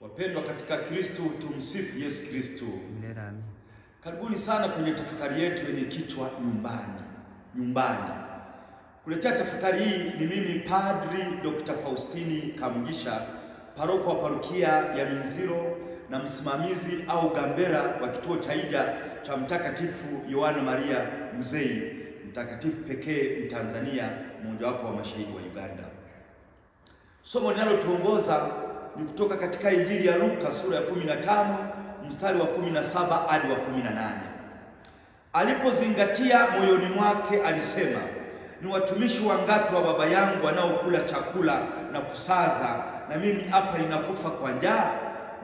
Wapendwa katika Kristo, tumsifu Yesu Kristo. Karibuni sana kwenye tafakari yetu yenye kichwa nyumbani, nyumbani. Kuletea tafakari hii ni mimi Padri Dr. Faustini Kamugisha, paroko wa parukia ya Minziro na msimamizi au gambera wa kituo cha ija cha Mtakatifu Yohana Maria Mzei, mtakatifu pekee Mtanzania, mmoja wapo wa mashahidi wa Uganda. Somo linalotuongoza ni kutoka katika Injili ya Luka sura ya 15 mstari wa 17 hadi wa 18. Alipozingatia moyoni mwake alisema, ni watumishi wangapi wa baba yangu wanaokula chakula na kusaza, na mimi hapa ninakufa kwa njaa?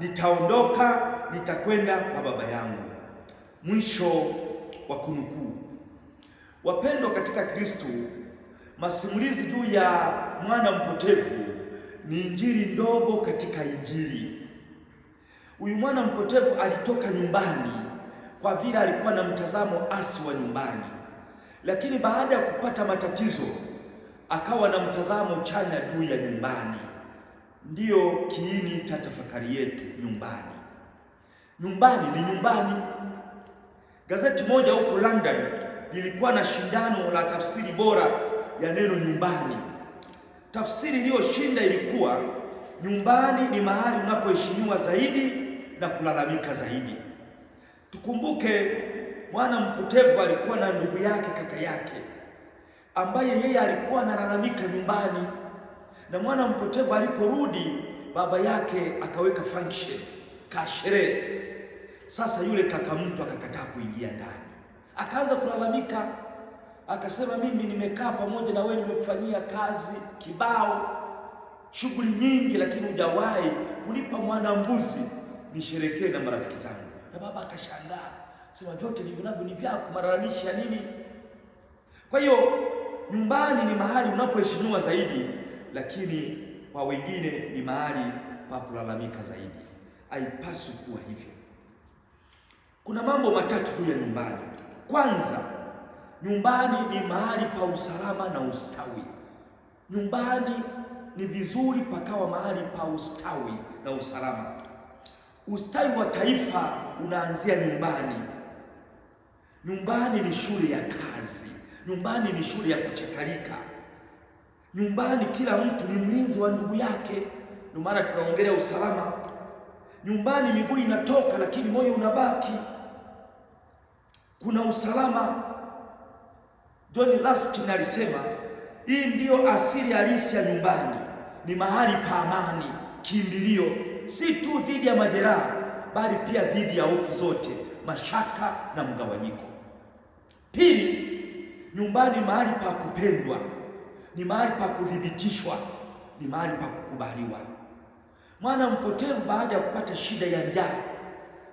Nitaondoka, nitakwenda kwa baba yangu. Mwisho wa kunukuu. Wapendwa katika Kristo, masimulizi juu ya mwana mpotevu ni injili ndogo katika Injili. Huyu mwana mpotevu alitoka nyumbani kwa vile alikuwa na mtazamo asi wa nyumbani, lakini baada ya kupata matatizo akawa na mtazamo chanya juu ya nyumbani. Ndiyo kiini cha tafakari yetu, nyumbani. Nyumbani ni nyumbani. Gazeti moja huko London lilikuwa na shindano la tafsiri bora ya neno nyumbani. Tafsiri iliyoshinda ilikuwa nyumbani ni mahali unapoheshimiwa zaidi na kulalamika zaidi. Tukumbuke mwana mpotevu alikuwa na ndugu yake, kaka yake, ambaye yeye alikuwa analalamika nyumbani, na mwana mpotevu aliporudi, baba yake akaweka function kasherehe. Sasa yule kaka mtu akakataa kuingia ndani, akaanza kulalamika akasema, mimi nimekaa pamoja na wewe, nimekufanyia kazi kibao, shughuli nyingi, lakini hujawahi kunipa mwana mbuzi nisherekee na marafiki zangu. Na baba akashangaa, sema vyote ndivyo navyo ni vyako, malalamisha nini? Kwa hiyo nyumbani ni mahali unapoheshimiwa zaidi, lakini kwa wengine ni mahali pa kulalamika zaidi. Haipaswi kuwa hivyo. Kuna mambo matatu tu ya nyumbani. Kwanza Nyumbani ni mahali pa usalama na ustawi. Nyumbani ni vizuri pakawa mahali pa ustawi na usalama. Ustawi wa taifa unaanzia nyumbani. Nyumbani ni shule ya kazi, nyumbani ni shule ya kuchakalika, nyumbani kila mtu ni mlinzi wa ndugu yake. Ndio maana tunaongelea usalama nyumbani. Miguu inatoka lakini moyo unabaki. Kuna usalama John Ruskin alisema hii ndiyo asili halisi ya nyumbani, ni mahali pa amani, kimbilio si tu dhidi ya majeraha, bali pia dhidi ya hofu zote, mashaka na mgawanyiko. Pili, nyumbani mahali pa kupendwa, ni mahali pa kudhibitishwa, ni mahali pa kukubaliwa. Mwana mpotevu baada ya kupata shida ya njaa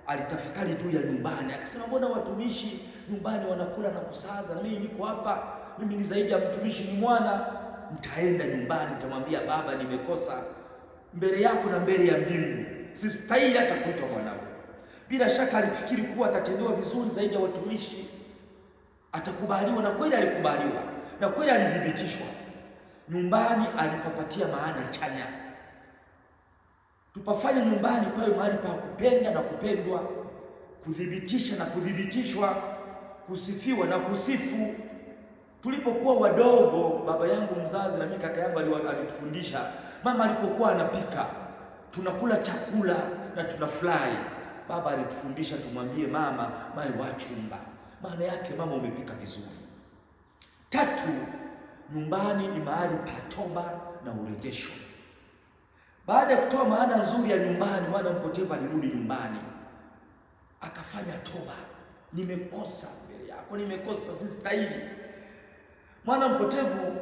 alitafakari tu ya nyumbani, akasema mbona watumishi nyumbani wanakula na kusaza, na mimi niko hapa, mimi ni zaidi ya mtumishi, ni mwana. Nitaenda nyumbani, nitamwambia baba, nimekosa mbele yako na mbele ya mbingu, sistahili hata kuitwa mwanao. Bila shaka alifikiri kuwa atatendewa vizuri zaidi ya watumishi, atakubaliwa, na kweli alikubaliwa, na kweli alithibitishwa. Nyumbani alipopatia maana chanya tupafanya nyumbani pawe mahali pa kupenda na kupendwa, kuthibitisha na kuthibitishwa, kusifiwa na kusifu. Tulipokuwa wadogo, baba yangu mzazi na mimi kaka yangu alitufundisha, mama alipokuwa anapika tunakula chakula na tunafurahi. Baba alitufundisha tumwambie mama mae chumba maana yake mama, umepika vizuri. Tatu, nyumbani ni mahali pa toba na urejesho. Baada ya kutoa maana nzuri ya nyumbani, mwana mpotevu alirudi nyumbani akafanya toba, nimekosa mbele yako, nimekosa, sistahili. Mwana mpotevu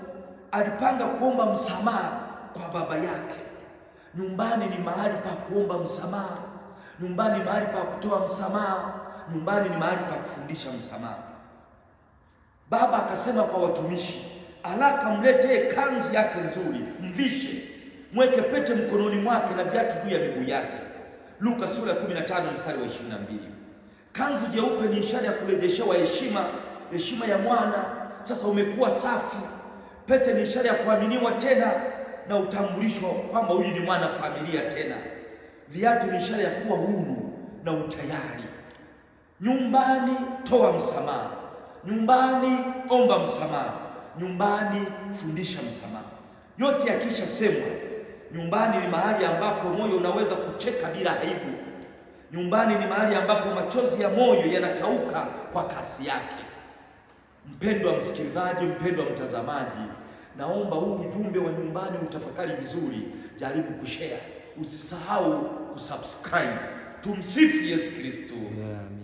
alipanga kuomba msamaha kwa baba yake. Nyumbani ni mahali pa kuomba msamaha, nyumbani ni mahali pa kutoa msamaha, nyumbani ni mahali pa kufundisha msamaha. Baba akasema kwa watumishi, alaka mletee kanzu yake nzuri, mvishe mweke pete mkononi mwake na viatu juu ya miguu yake. Luka sura ya 15 mstari wa 22. Kanzu jeupe ni ishara ya kurejeshewa heshima, heshima ya mwana. Sasa umekuwa safi. Pete ni ishara ya kuaminiwa tena na utambulisho kwamba huyu ni mwana familia tena. Viatu ni ishara ya kuwa huru na utayari. Nyumbani toa msamaha, nyumbani omba msamaha, nyumbani fundisha msamaha. Yote yakisha semwa Nyumbani ni mahali ambapo moyo unaweza kucheka bila aibu. Nyumbani ni mahali ambapo machozi ya moyo yanakauka kwa kasi yake. Mpendwa msikilizaji, mpendwa mtazamaji, naomba huu ujumbe wa nyumbani utafakari vizuri. Jaribu kushare, usisahau kusubscribe. Tumsifu Yesu Kristo. Amen.